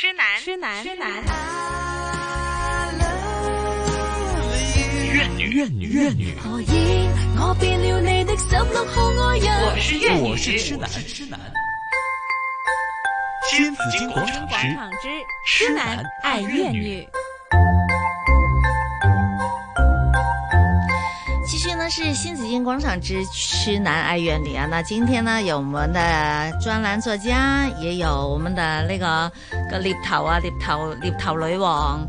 痴男痴男痴男，怨女怨女怨女，我是怨女，我是痴男痴男。《新紫荊廣場之痴男愛怨女》，繼續呢是《新紫荊廣場之痴男愛怨女》啊，那今天呢有我們的專欄作家，也有我們的那個。個獵頭啊，獵頭獵頭女王，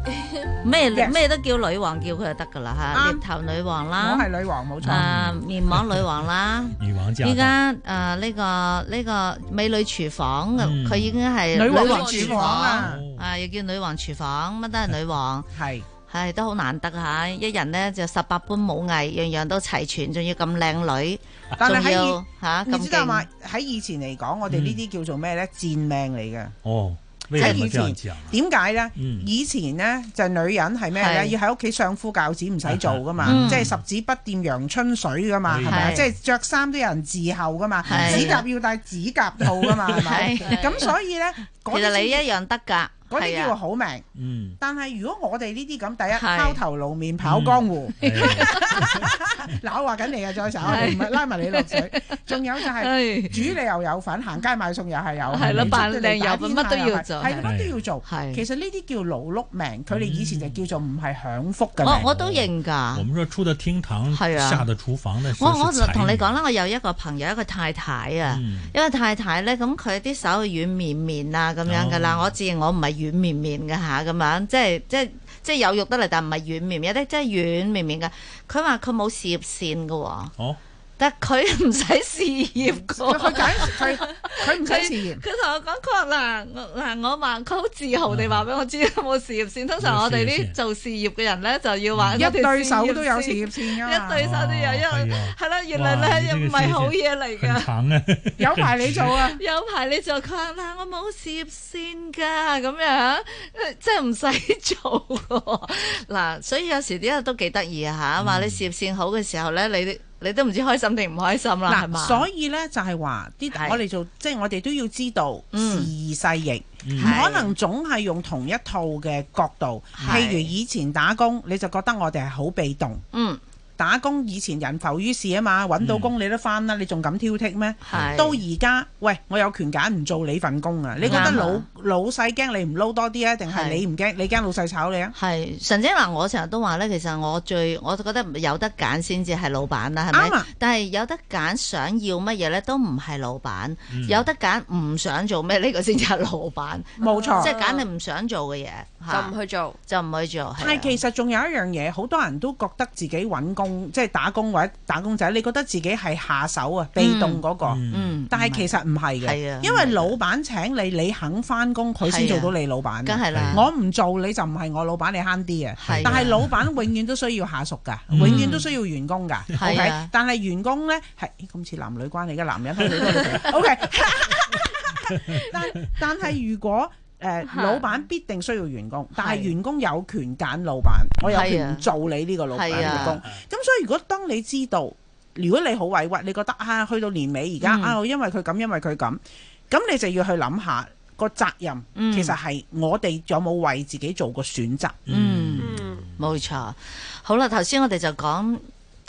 咩咩都叫女王，叫佢就得噶啦吓。獵頭女王啦，我係女王冇錯。面膜女王啦，而家誒呢個呢個美女廚房，佢已經係女王廚房啊！啊，又叫女王廚房，乜都係女王。係係都好難得吓，一人咧就十八般武藝，樣樣都齊全，仲要咁靚女。但係喺吓，你知道嘛？喺以前嚟講，我哋呢啲叫做咩咧？賤命嚟嘅哦。喺以前點解咧？以前咧就女人係咩咧？要喺屋企相夫教子唔使做噶嘛，即係、啊、十指不掂陽春水噶嘛，係咪、啊？即係著衫都有人伺候噶嘛，指甲要戴指甲套噶嘛，係咪？咁所以咧，其實你一、 啊 uh、樣得㗎。嗰啲叫好命，但係如果我哋呢啲咁，第一拋頭露面跑江湖，嗱我話緊你啊，再手唔係拉埋你落水，仲有就係煮你又有份，行街買餸又係有，係咯，扮靚油乜都要做，係乜都要做，其實呢啲叫勞碌命，佢哋以前就叫做唔係享福嘅命。我我都認㗎。我唔出得廳堂，下得廚房的。我我同你講啦，我有一個朋友一個太太啊，因為太太咧，咁佢啲手軟綿綿啊咁樣㗎啦，我自然我唔係。軟綿綿嘅吓咁樣，即係即係即係有肉得嚟，但唔係軟綿綿，即係即係軟綿綿嘅。佢話佢冇事業線嘅喎。哦佢唔使事業，佢、嗯、解佢唔使事業、啊。佢同我講：嗱，嗱，我話佢好自豪地話俾我知，冇事業線。通常我哋啲做事業嘅人咧，就要話一對手都有事業線，一對手都有，一係啦，原來咧唔係好嘢嚟㗎。有排你做啊？有排你做？佢話：我冇事業線㗎，咁樣即係唔使做嗱。所以有時啲人都幾得意吓，話你事業線好嘅時候咧，你、so。你都唔知開心定唔開心啦，喏吧所以呢是，就係話啲我哋做，即係我哋都要知道是時移世易，唔是可能總係用同一套嘅角度。是譬如以前打工，你就覺得我哋係好被動。嗯。打工以前人浮於事啊嘛，揾到工你都返啦，你仲敢挑剔咩？到而家，喂，我有權揀唔做你份工啊！你覺得老老細驚你唔撈多啲啊，定係你唔驚？你驚老細炒你啊？係神姐話，我成日都話咧，其實我最我覺得有得揀先至係老闆啦，係咪？啱啊！但係有得揀想要乜嘢咧，都唔係老闆。有得揀唔想做咩呢個先至係老闆。冇錯，即係揀你唔想做嘅嘢就唔去做，就唔去做。但係其實仲有一樣嘢，好多人都覺得自己揾工。即係打工或者打工仔，你覺得自己係下手啊，被動嗰個。嗯，嗯，但係其實唔係嘅，啊、因為老闆請你，你肯翻工，佢先做到你老闆。梗係啦，我唔做你就唔係我老闆，你慳啲啊。但係老闆永遠都需要下屬噶，啊、永遠都需要員工噶。但係員工呢，係、哎，咁似男女關係嘅男人。 o okay ? K， 但但係如果。誒，呃、是老闆必定需要員工，是但係員工有權揀老闆，啊、我有權唔做你呢個老闆嘅工。咁、啊、所以如果當你知道，如果你好委屈，你覺得啊，去到年尾而家啊，因為佢咁，因為佢咁，咁你就要去諗下個責任，其實係我哋有冇為自己做個選擇？嗯，冇、嗯嗯、錯。好啦，頭先我哋就講。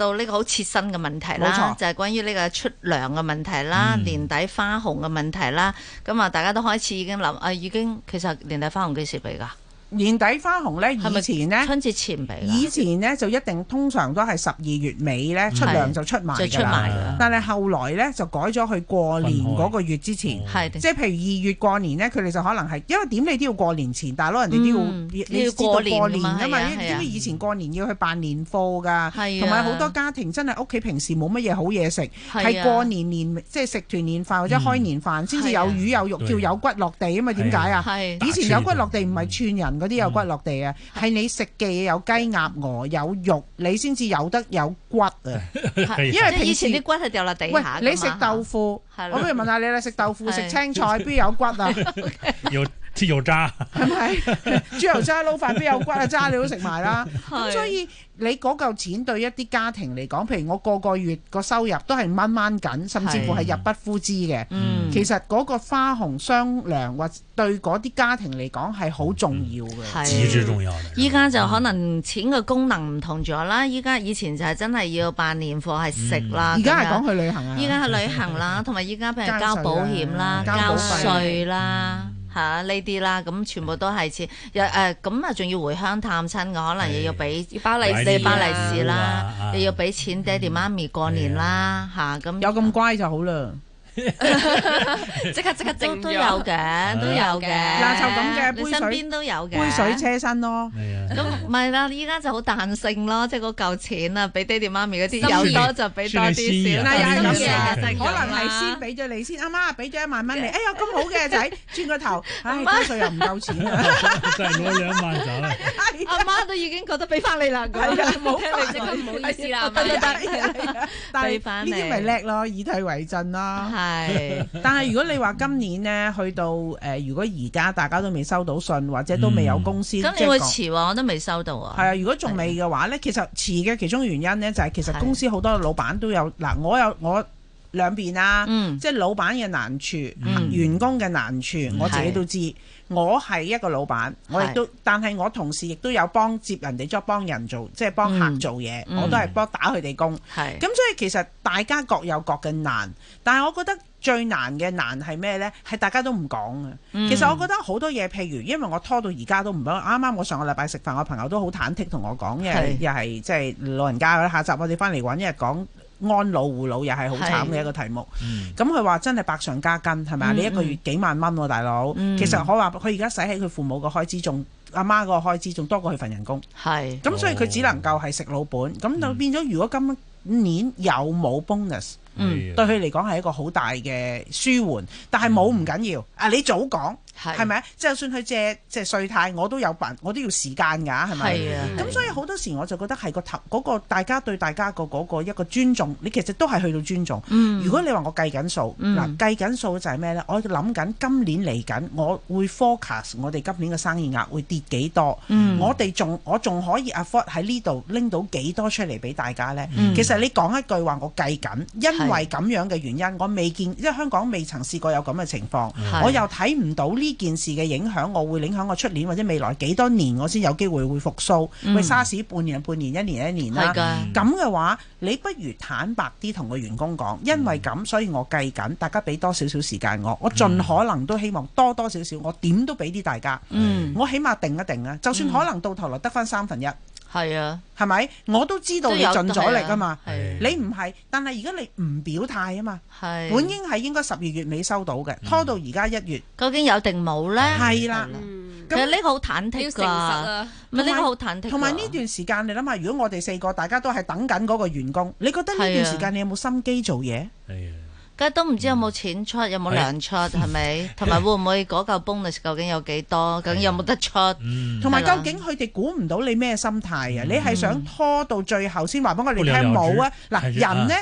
到呢個好切身嘅問題啦，錯就係關於呢個出糧嘅問題啦、嗯、年底花紅嘅問題啦，咁啊大家都開始已經諗啊，已經其實年底花紅幾時嚟㗎？年底花紅咧，以前咧，春節前俾。以前咧就一定通常都係十二月尾咧出糧就出埋，出埋但係後來咧就改咗去過年嗰個月之前，即係譬如二月過年咧，佢哋就可能係因為點你都要過年前，大佬人哋都要你要過年過年噶嘛？因為以前過年要去辦年貨㗎？同埋好多家庭真係屋企平時冇乜嘢好嘢食，係過年年即係食團年飯或者開年飯先至有魚有肉，叫有骨落地啊嘛？點解啊？以前有骨落地唔係串人。嗰啲有骨落地啊，係、嗯、你食嘅嘢有雞鴨鵝有肉，你先至有得有骨啊。 因為以前啲骨係掉落地。喂，你食豆腐， 我不如問下你啦，食豆腐食 青菜邊 有骨啊？ 豬油渣係咪？豬油渣撈飯邊有骨啊？渣你都食埋啦。係，所以你嗰嚿錢對一啲家庭嚟講，譬如我個個月個收入都係掹掹緊，甚至乎係入不敷支嘅。嗯，其實嗰個花紅雙糧或對嗰啲家庭嚟講係好重要嘅，係，至重要嘅。依家就可能錢嘅功能唔同咗啦。依家以前就係真係要辦年貨係食啦，而家係講去旅行啊。而家係旅行啦，同埋依家譬如交保險啦、交稅啦。嚇呢啲啦，咁全部都係錢。又、啊、誒，咁啊仲要回鄉探親嘅，可能又要俾包利包利是的啦，又要俾錢爹哋媽咪過年啦。嚇咁、啊、有咁乖就好啦。即刻即刻，都都有嘅，都有嘅。就咁嘅，你身邊都有嘅，杯水車薪咯。咁唔係啦，依家就好彈性咯，即係嗰嚿錢啊，俾爹哋媽咪嗰啲有多就俾多啲少。啊，有咁嘅，可能係先俾咗你先，阿媽俾咗一萬蚊你。哎呀，咁好嘅仔，轉個頭，多歲又唔夠錢，真係冇兩萬走啦。阿媽都已經覺得俾翻你啦，佢冇，唔好意思啦，但係呢啲咪叻咯，以退為進咯。 但係如果你話今年呢，去到誒、呃，如果而家大家都未收到信，或者都未有公司，咁你會遲喎，我都未收到啊。係啊、嗯，如果仲未嘅話呢，其實遲嘅其中原因呢，就係、是、其實公司好多老闆都有，嗱，我有我兩邊啦，嗯、即係老闆嘅難處，嗯，員工嘅難處，嗯、我自己都知。嗯我係一個老闆，我亦都，是但係我同時亦都有幫接人哋，即係幫人做，即係幫客做嘢，嗯、我都係幫打佢哋工。係咁是，所以其實大家各有各嘅難，但係我覺得最難嘅難係咩呢？係大家都唔講啊。嗯、其實我覺得好多嘢，譬如因為我拖到而家都唔，啱啱我上個禮拜食飯，我朋友都好忐忑同我講嘅，又係即係老人家啦。下集我哋翻嚟揾一日講。.安老護老又係好慘嘅一個題目，咁佢話真係百上加斤係咪啊？嗯、你一個月幾萬蚊喎，啊，大佬，嗯、其實我話佢而家使喺佢父母個開支仲阿媽個開支仲多過佢份人工，係的，咁所以佢只能夠係食老本，咁、嗯、就變咗如果今年有冇 bonus，嗯、對佢嚟講係一個好大嘅舒緩，但係冇唔緊要，嗯、啊你早講。係咪啊？就算佢借借稅貸，我都有份，我都要時間㗎，係咪？係啊。咁、啊啊、所以好多時我就覺得係個頭大家對大家個嗰一個尊重，你其實都係去到尊重。嗯、如果你話我計緊數，嗱計緊數就係咩咧？我諗緊今年嚟緊，我會 focus 我哋今年嘅生意額會跌幾多，嗯我？我哋仲我仲可以 afford 喺呢度拎到幾多出嚟俾大家咧？嗯、其實你講一句話，我計緊，因為咁樣嘅原因，是我未見，因為香港未曾試過有咁嘅情況，是是我又睇唔到呢。呢件事嘅影響，我會影響我出年或者未來幾多年，我先有機會會復甦，喂、嗯，沙士半年、半年、一年、一年啦、啊。咁嘅、嗯、話，你不如坦白啲同個員工講，因為咁，所以我計緊，大家俾多少少時間我，我盡可能都希望多多少少，我點都俾啲大家。嗯，我起碼定一定啊，嗯、就算可能到頭來得翻三分一、嗯。嗯係啊，係咪？我都知道你盡咗力啊嘛，啊啊你唔係，但係而家你唔表態啊嘛，啊本應係應該十二月尾收到嘅，嗯、拖到而家一月，究竟有定冇咧？係啦，其實呢個好忐忑噶，咪呢、啊、個好忐忑。同埋呢段時間，你諗下，如果我哋四個大家都係等緊嗰個員工，你覺得呢段時間你有冇心機做嘢？而家都唔知有冇錢出，嗯、有冇糧出，係咪、啊？同埋會唔會嗰嚿 bonus 究竟有幾多？究竟有冇得出？同埋、嗯啊、究竟佢哋估唔到你咩心態啊？嗯、你係想拖到最後先話俾我哋聽冇啊？嗱、嗯，人呢。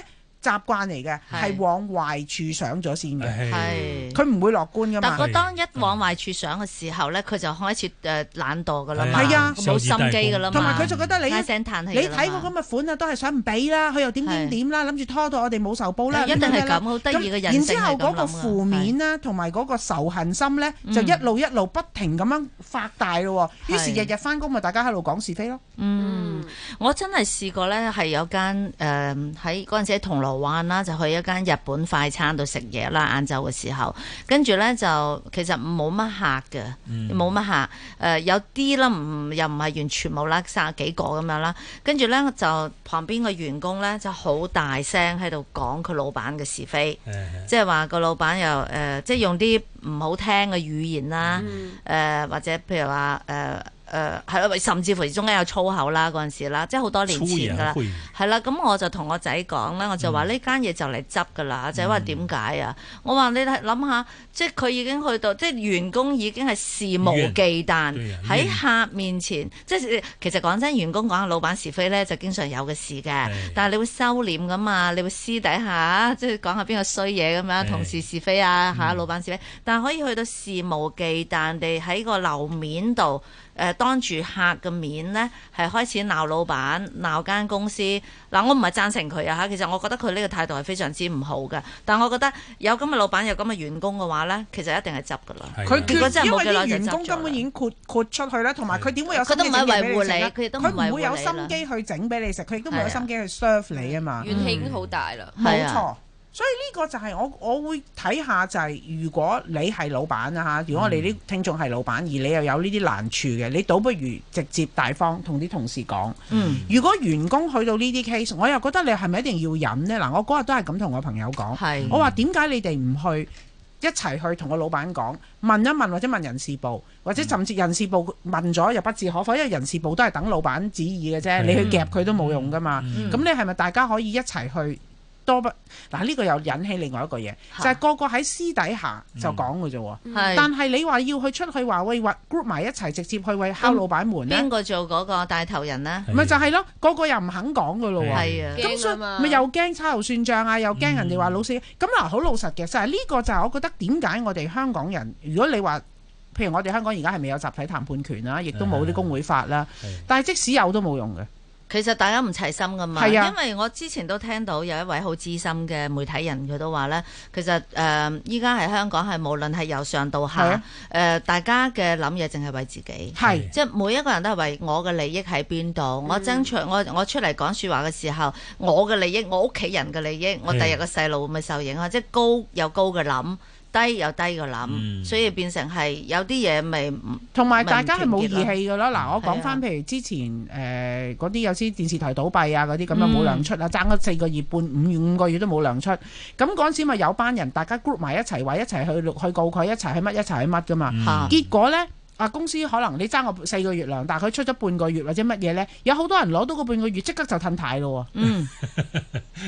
習慣嚟嘅，係往壞處想咗先嘅，係佢唔會樂觀噶嘛。但係當一往壞處想嘅時候咧，佢就開始誒懶惰噶啦，係啊，冇心機噶啦，同埋佢就覺得你你睇個咁嘅款啊，都係想唔俾啦，佢又點點點啦，諗住拖到我哋冇仇報啦，一定係咁，好得意嘅人性啊嘛。咁然之後嗰個負面啦，同埋嗰個仇恨心咧，就一路一路不停咁樣發大咯，於是日日翻工咪大家喺度講是非咯。嗯。我真係試過呢，係有間誒喺嗰陣時喺銅鑼灣啦，就去一間日本快餐度食嘢啦，晏晝嘅時候，跟住呢，就其實冇乜客嘅，冇乜客誒、呃、有啲啦，唔又唔係完全冇啦，三啊幾個咁樣啦，跟住呢，就旁邊嘅員工呢，就好大聲喺度講佢老闆嘅是非， 即係話個老闆又誒、呃，即係用啲唔好聽嘅語言啦，誒、呃、或者譬如話誒、呃誒係啦，甚至乎中間有粗口啦，嗰陣時啦，即係好多年前噶啦，係啦，咁我就同我仔講啦，我就話呢間嘢就嚟執噶啦。仔話點解啊？我話你諗下，即係佢已經去到，即係員工已經係肆無忌憚喺、啊、客面前。嗯、即係其實講真，員工講下老闆是非咧，就經常有嘅事嘅。嗯、但係你會收斂噶嘛？你會私底下即係講下邊個衰嘢咁樣，同事是非啊，吓、嗯，老闆是非。但係可以去到肆無忌憚地喺個樓面度。誒當住客嘅面咧，係開始鬧老闆、鬧間公司。嗱、呃，我唔係贊成佢啊嚇。其實我覺得佢呢個態度係非常之唔好嘅。但係我覺得有咁嘅老闆有咁嘅員工嘅話咧，其實一定係執嘅啦。佢因為啲員工根本已經豁豁出去咧，同埋佢點會有心機整俾你食咧？佢都唔係維護你，佢唔會有心機去整俾你食。佢亦都冇心機去 serve 你啊嘛。怨氣已經好大啦，冇、嗯、錯。所以呢個就係我我會睇下就係、是、如果你係老闆啊嚇，如果我哋啲聽眾係老闆，而你又有呢啲難處嘅，你倒不如直接大方同啲同事講。嗯，如果員工去到呢啲 case，我又覺得你係咪一定要忍呢？嗱，我嗰日都係咁同我朋友講，是我話點解你哋唔去一齊去同個老闆講，問一問或者問人事部，或者甚至人事部問咗又不置可否，因為人事部都係等老闆旨意嘅啫，嗯、你去夾佢都冇用㗎嘛。咁、嗯嗯、你係咪大家可以一齊去？多嗱呢個又引起另外一個嘢，就係個個喺私底下就講嘅啫喎。但係你話要去出去話喂，group 埋一齊直接去喂敲老闆門咧？邊個做嗰個帶頭人呢？咪就係咯，個個又唔肯講嘅咯喎。係啊，咪又驚秋後算帳啊，又驚人哋話老死。咁嗱，好老實嘅就係呢個就係我覺得點解我哋香港人，如果你話譬如我哋香港而家係未有集體談判權啦，亦都冇啲工會法啦。但係即使有都冇用嘅。其實大家唔齊心噶嘛，啊、因為我之前都聽到有一位好資深嘅媒體人，佢都話呢。其實誒，依家喺香港係無論係由上到下，誒、啊呃，大家嘅諗嘢淨係為自己，啊、即係每一個人都係為我嘅利益喺邊度，啊、我爭取我我出嚟講說話嘅時候，嗯、我嘅利益，我屋企人嘅利益，我第日個細路會唔會受影響啊，即係高有高嘅諗。低又低嘅諗，嗯、所以變成係有啲嘢咪同埋大家係冇義氣嘅咯。嗱、嗯，我講返譬如之前誒嗰啲有啲電視台倒閉啊，嗰啲咁樣冇糧出啊，爭咗、嗯、四個月半五個月五個月都冇糧出，咁嗰陣時咪有班人大家 group 埋一齊，話一齊去去告佢，一齊去乜一齊去乜嘅嘛。嗯、結果咧。啊！公司可能你爭我四個月糧，但係佢出咗半個月或者乜嘢咧，有好多人攞到嗰半個月即刻就褪軚咯。嗯，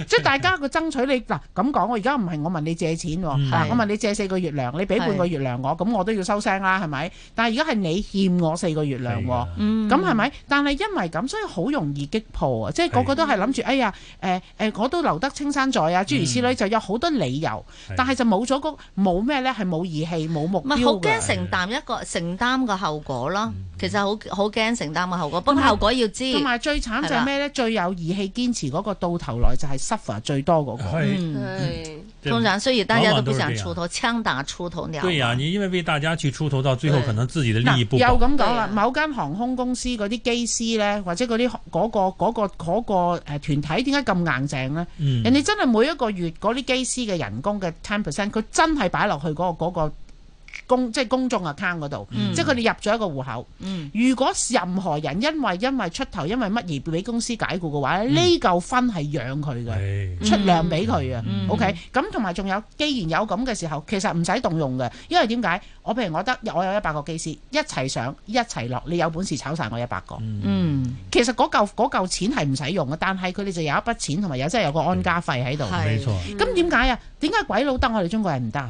即係大家個爭取你嗱咁講，我而家唔係我問你借錢喎，我問你借四個月糧，你俾半個月糧我，咁我都要收聲啦，係咪？但係而家係你欠我四個月糧喎，咁係咪？但係因為咁，所以好容易擊破啊！即係個個都係諗住，哎呀，誒誒，我都留得青山在啊！諸如此類，就有好多理由，但係就冇咗個冇咩咧，係冇義氣、冇目標嘅。唔係好驚承擔一個承擔。個後果咯，其實好好驚承擔個後果，不過後果要知。同埋最慘就係咩咧？最有義氣堅持嗰個，到頭來就係 suffer 最多嗰個。嗯，通常雖然大家都不想出頭，槍打出頭鳥。對啊，你因為為大家去出頭，到最後可能自己的利益不好。又咁講啦，某間航空公司嗰啲機師咧，或者嗰啲嗰個嗰個嗰個誒團體，點解咁硬淨咧？人哋真係每一個月嗰啲機師嘅人工嘅 ten percent，佢真係擺落去嗰個個。公即係公眾 account 嗰度，即係佢哋入咗一個戶口。如果任何人因為因為出頭因為乜而俾公司解雇嘅話，呢嚿分係養佢嘅，出糧俾佢啊。OK，咁同埋仲有，既然有咁嘅時候，其實唔使動用嘅，因為點解？我譬如我得，我有一百個機師一齊上一齊落，你有本事炒晒我一百個。其實嗰嚿嗰嚿錢係唔使用嘅，但係佢哋就有一筆錢同埋有即係有個安家費喺度。係，咁點解啊？點解鬼佬得我哋中國人唔得？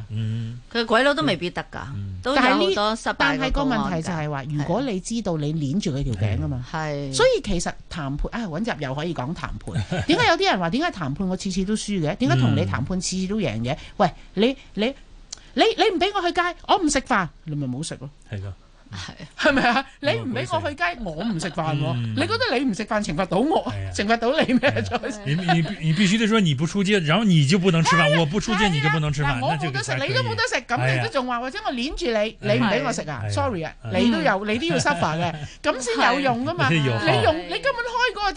佢鬼佬都未必得。但係呢，但係個問題就係話，的如果你知道你捏住佢條頸啊嘛，的所以其實談判啊搵食又可以講談判。點解 有啲人話點解談判我次次都輸嘅？點解同你談判次次都贏嘅？嗯、喂，你你你唔俾我去街，我唔食飯，你咪唔好食咯。係係，係咪啊？你唔俾我去街，我唔食飯。你覺得你唔食飯懲罰到我啊？懲罰到你咩？你你必須得說你不出街，然後你就不能食飯。我不出街你就不能食飯。我冇得食，你都冇得食。咁你都仲話或者我黏住你，你唔俾我食啊？Sorry 啊，你都有，你都要 suffer 嘅，咁先有用噶嘛？你用你根本。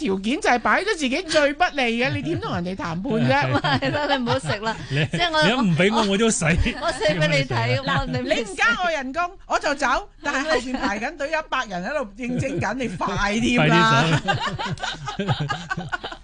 條件就係擺咗自己最不利嘅， 你點同人哋談判啫？係啦 你，你唔好食啦。即係我，如果唔俾我，我，我都死！ 我死俾你睇，你唔加我人工，我就走。但係後面排緊隊，一百人喺度應徵緊， 你快啲嘛。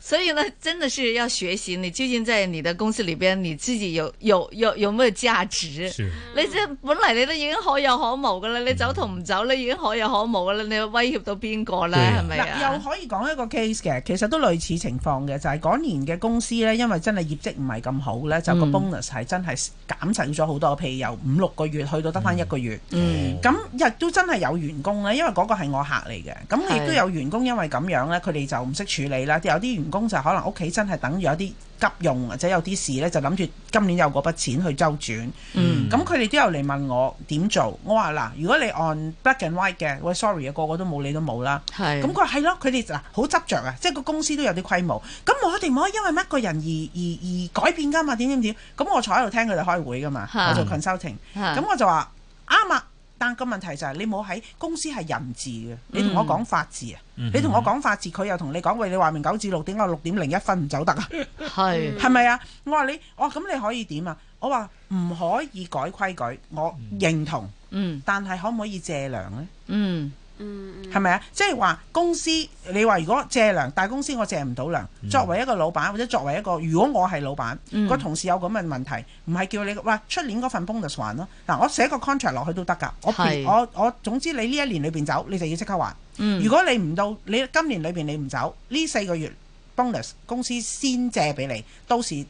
所以呢，真的是要學習。你究竟在你的公司裏邊，你自己有有有有沒有價值？是你本來你都已經可有可無噶啦，你走同唔走，你已經可有可無噶啦。你威脅到邊個啦？係咪？是吧又可以講一個 case 嘅，其實都類似情況嘅，就係、是、嗰年嘅公司咧，因為真係業績唔係咁好咧，就個 bonus 係真係減剩咗好多。譬如由五六個月去到得翻一個月，咁亦、嗯嗯、都真係有員工咧，因為嗰個係我客嚟嘅，咁亦都有員工因為咁樣咧，佢哋就唔識處理啦。有啲有員工就可能屋企真係等住有啲急用，或者有啲事咧，就諗住今年有嗰筆錢去周轉。嗯，咁佢哋都有嚟問我點做。我話嗱，如果你按 black and white 嘅，我 sorry 嘅，個個都冇，你都冇啦。係是。咁佢話係咯，佢哋嗱好執着啊，即係個公司都有啲規模，咁我哋唔可以因為乜個人而而而改變㗎嘛？點點點？咁我坐喺度聽佢哋開會㗎嘛？是我做 consulting 是。咁我就話啱啊。是但個問題就係、是、你冇喺公司係人治嘅，你同我講法治啊！嗯、哼你同我講法治，佢又同你講，喂，你話明九至六點我六點零一分唔走得啊，係係咪啊？我話你，我話咁你可以點啊？我話唔可以改規矩，我認同，嗯，但係可唔可以借糧呢？嗯。嗯，係咪啊？即係話公司，你話如果借糧，大公司我借唔到糧。作為一個老闆，或者作為一個，如果我係老闆，嗯、個同事有咁嘅問題，唔係叫你，哇，出年嗰份 bonus 還咯。嗱、啊，我寫個 contract 落去都得噶。我我是我，我總之你呢一年裏邊走，你就要即刻還。嗯、如果你唔到，你今年裏邊你唔走，呢四個月 bonus 公司先借俾你，到時。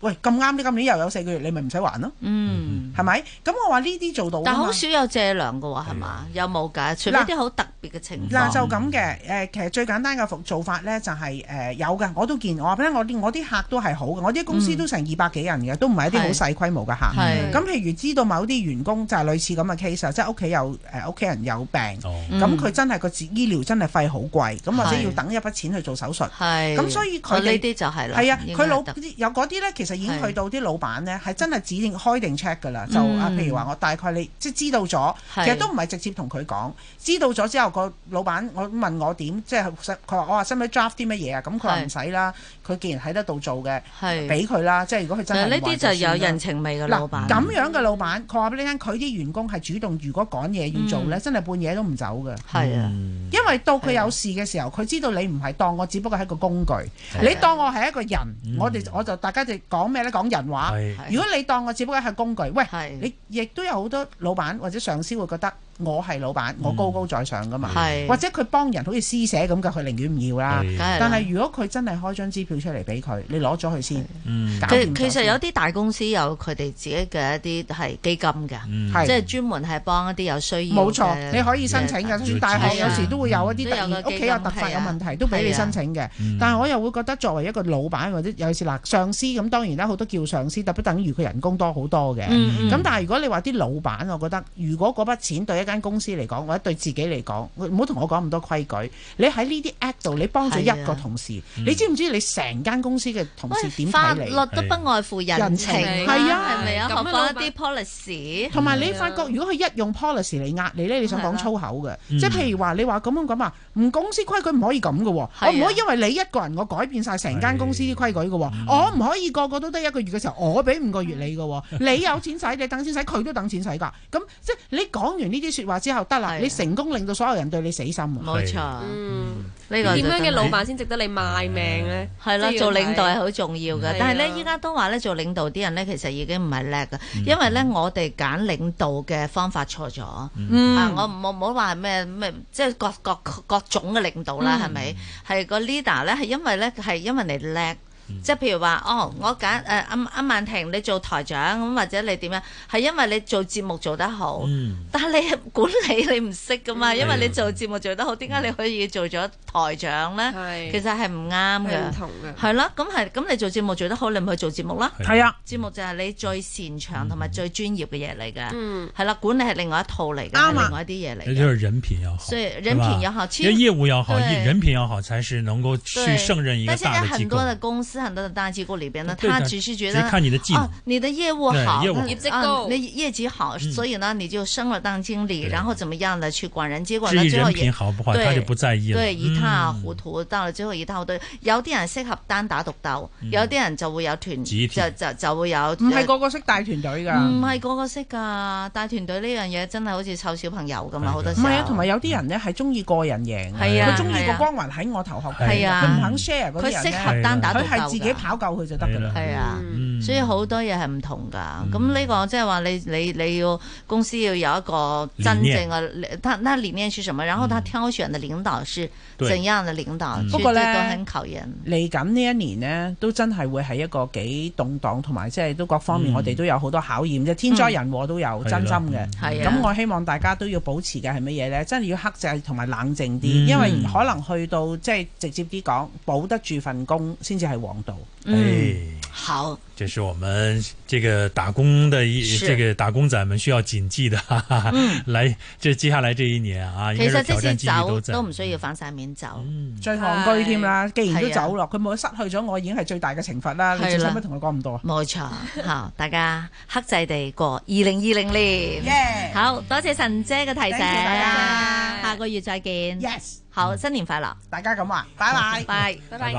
喂，咁啱啲，今年又有四個月，你咪唔使還咯。嗯，係咪？咁我話呢啲做到。但好少有借糧㗎喎，係嘛？有冇㗎？除咗啲好特別嘅情況。嗱，就咁嘅。誒，其實最簡單嘅做法咧，就係誒有嘅，我都見。我話俾你聽，我我啲客都係好嘅，我啲公司都成二百幾人嘅，都唔係一啲好細規模嘅客。咁譬如知道某啲員工就係類似咁嘅 case，即係屋企有誒屋企人有病，咁佢真係個醫療真係費好貴，咁或者要等一筆錢去做手術。係。咁所以佢呢啲就係啦。係啊，佢老有啲咧，其實。就已經去到啲老闆咧，係真係指定開定 check 㗎啦。就啊，譬如話我大概你即係知道咗，其實都唔係直接同佢講。知道咗之後，個老闆我問我點，即係佢話我話使唔使 drop 啲乜嘢啊？咁佢話唔使啦。佢既然喺得到做嘅，俾佢啦。即係如果佢真係呢啲就有人情味嘅老闆。嗱咁樣嘅老闆，佢話俾你聽，佢啲員工係主動。如果講嘢要做咧，真係半夜都唔走嘅。係啊，因為到佢有事嘅時候，佢知道你唔係當我，只不過係一個工具。你當我係一個人，我哋我就大家就講。講咩咧？講人話。是如果你當我只不過係工具，喂，是你亦都有好多老闆或者上司會覺得。我係老闆，我高高在上噶嘛，或者佢幫人好似施捨咁嘅，佢寧願唔要啦。但係如果佢真係開張支票出嚟俾佢，你攞咗佢先。其實有啲大公司有佢哋自己嘅一啲係基金嘅，即係專門係幫一啲有需要嘅。冇錯，你可以申請嘅，甚至大學有時都會有一啲屋企有突發有問題都俾你申請嘅。但係我又會覺得作為一個老闆或者尤其是嗱上司咁，當然啦好多叫上司，特別等於佢人工多好多嘅。咁但係如果你話啲老闆，我覺得如果嗰筆錢對一間公司嚟講，或者對自己嚟講，唔好同我講咁多規矩。你喺呢啲 Act 度，你幫咗一個同事，你知唔知你成間公司嘅同事點睇你？法律都不外乎人情，係啊，係咪啊？咁樣多啲 policy，同埋你發覺，如果佢一用 policy 嚟呃你咧，你想講粗口嘅，即係譬如話你話咁樣咁啊，唔公司規矩唔可以咁噶，我唔可以因為你一個人，我改變晒成間公司啲規矩噶，我唔可以個個都得一個月嘅時候，我俾五個月你噶，你有錢使你等錢使，佢都等錢使噶，咁即係你講完呢啲。話之後得啦，啊、你成功令到所有人對你死心冇、啊、錯，錯嗯，呢、嗯、個點樣嘅老闆先值得你賣命咧、啊？係啦、欸啊，做領導係好重要嘅。嗯、但係咧依家都話咧做領導啲人咧其實已經唔係叻嘅，因為咧我哋揀領導嘅方法錯咗。嗯，啊、我唔好唔好話咩咩，即係、就是、各各各，各種嘅領導啦，係咪、嗯？係個 leader 咧，係因為咧係因，因為你叻。即係譬如話，哦，我揀誒阿阿曼婷你做台長咁，或者你點樣係因為你做節目做得好，但係你管理你唔識噶嘛，因為你做節目做得好，點解你可以做咗台長咧？其實係唔啱嘅，係咯，咁係咁你做節目做得好，你唔去做節目啦？係啊，節目就係你最擅長同埋最專業嘅嘢嚟嘅，係啦，管理係另外一套嚟嘅，另外一啲嘢嚟嘅。即係人品要好，對，人品要好，其實業務要好，人品要好，才是能夠去勝任一個大嘅機構，但係家很多嘅公司。很多的大機構裡邊呢，他只是覺得哦，你的業務好，業績高，那業績好，所以呢你就升咗當經理，然後怎麼樣呢去管人接管。至於人品好不好，他就不在意。對，一塌糊塗，到了最後一塌糊塗。有啲人適合單打獨鬥，有啲人就會有團，就就就會有。唔係個個識帶團隊噶，唔係個個識噶。帶團隊呢樣嘢真係好似湊小朋友咁啊，好多時候。唔係啊，同埋有啲人呢係中意個人贏，佢中意個光環喺我頭殼度，佢唔肯 share，佢適合單打獨鬥。自己跑夠佢就得㗎啦，係啊。 所以好多嘢係唔同噶，咁呢個即係話你你你要公司要有一個真正嘅，他他理念係什麼？然後他挑選的領導是怎樣的領導？不過呢都很考驗，嚟緊呢一年呢都真係會係一個幾動盪，同埋即係都各方面我哋都有好多考驗，即天災人禍都有真心嘅。係咁，我希望大家都要保持嘅係乜嘢呢？真係要克制同埋冷靜啲，因為可能去到即係直接啲講，保得住份工先至係王道。好，這是我們這個打工的一，這個打工仔們需要謹記的。嗯，來，這接下來這一年啊，其實即使走都唔需要反晒面走，最戇居添啦。既然都走落，佢冇失去咗，我已經係最大嘅懲罰啦。你啦，使乜同佢講咁多？冇錯，好，大家克制地過二零二零年。好多謝神姐嘅提醒。大家下個月再見。Yes，好，新年快樂，大家咁話，拜拜，拜，拜拜。